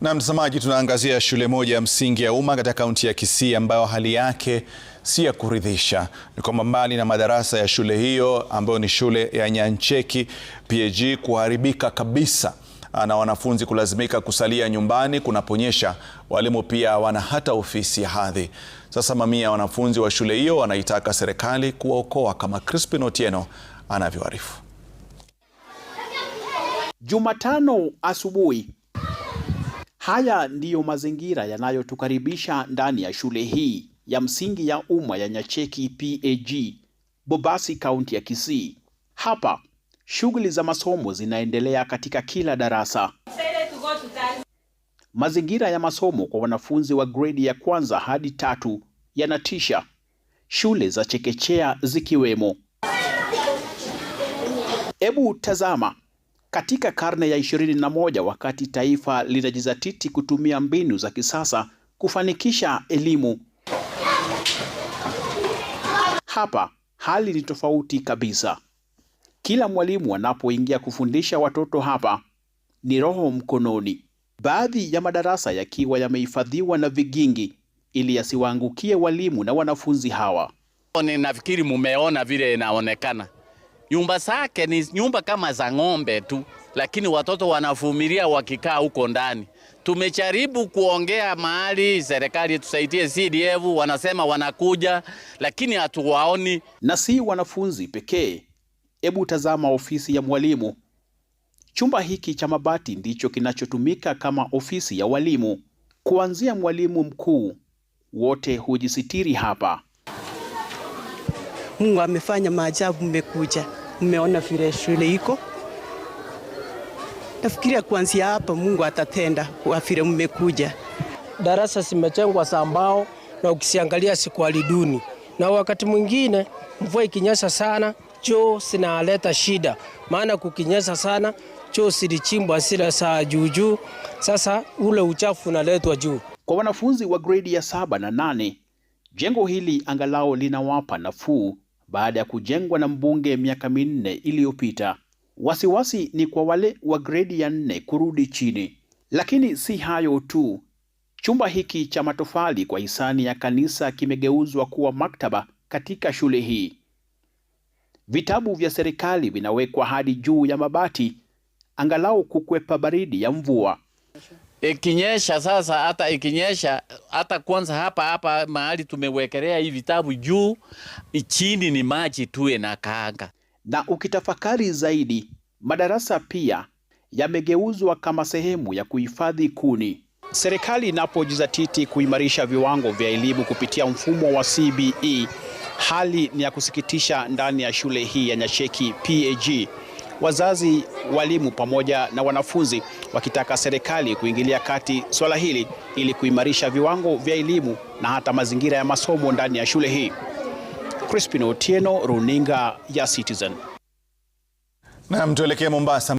Na mtazamaji, tunaangazia shule moja ya msingi ya umma katika kaunti ya Kisii ambayo hali yake si ya kuridhisha. Ni kwamba mbali na madarasa ya shule hiyo ambayo ni shule ya Nyancheki PG kuharibika kabisa ah, na wanafunzi kulazimika kusalia nyumbani kunaponyesha, walimu pia hawana hata ofisi ya hadhi. Sasa mamia ya wanafunzi wa shule hiyo wanaitaka serikali kuwaokoa, kama Crispin Otieno anavyoarifu. Jumatano asubuhi Haya ndiyo mazingira yanayotukaribisha ndani ya shule hii ya msingi ya umma ya Nyacheki PAG, Bobasi, kaunti ya Kisii. Hapa shughuli za masomo zinaendelea katika kila darasa. Mazingira ya masomo kwa wanafunzi wa gredi ya kwanza hadi tatu yanatisha, shule za chekechea zikiwemo. Ebu tazama katika karne ya ishirini na moja wakati taifa linajizatiti kutumia mbinu za kisasa kufanikisha elimu. Hapa hali ni tofauti kabisa. Kila mwalimu anapoingia kufundisha watoto hapa ni roho mkononi, baadhi ya madarasa yakiwa yamehifadhiwa na vigingi ili yasiwaangukie walimu na wanafunzi hawa. Ninafikiri mumeona vile inaonekana nyumba zake ni nyumba kama za ng'ombe tu, lakini watoto wanavumilia wakikaa huko ndani. Tumejaribu kuongea mahali serikali tusaidie CDF, wanasema wanakuja, lakini hatuwaoni. Na si wanafunzi pekee. Hebu tazama ofisi ya mwalimu. Chumba hiki cha mabati ndicho kinachotumika kama ofisi ya walimu. Kuanzia mwalimu mkuu, wote hujisitiri hapa. Mungu amefanya maajabu, mmekuja mmeona vile shule iko. Nafikiria kuanzia hapa Mungu atatenda kwa vile mmekuja. Darasa zimejengwa za mbao na ukisiangalia siku aliduni, duni, na wakati mwingine mvua ikinyesha sana choo zinaleta shida, maana kukinyesha sana choo silichimbwa sila saa juujuu, sasa ule uchafu unaletwa juu. Kwa wanafunzi wa gredi ya saba na nane, jengo hili angalau linawapa nafuu baada ya kujengwa na mbunge miaka minne iliyopita. Wasiwasi ni kwa wale wa gredi ya nne kurudi chini. Lakini si hayo tu, chumba hiki cha matofali kwa hisani ya kanisa kimegeuzwa kuwa maktaba katika shule hii. Vitabu vya serikali vinawekwa hadi juu ya mabati, angalau kukwepa baridi ya mvua ikinyesha sasa, hata ikinyesha hata kwanza, hapa hapa mahali tumewekelea hii vitabu juu, chini ni maji tu kanga Na ukitafakari zaidi, madarasa pia yamegeuzwa kama sehemu ya kuhifadhi kuni. Serikali inapojizatiti kuimarisha viwango vya elimu kupitia mfumo wa CBE, hali ni ya kusikitisha ndani ya shule hii ya Nyasheki PAG wazazi, walimu pamoja na wanafunzi wakitaka serikali kuingilia kati swala hili ili kuimarisha viwango vya elimu na hata mazingira ya masomo ndani ya shule hii. Crispin Otieno, Runinga ya Citizen. Naam, tuelekee Mombasa.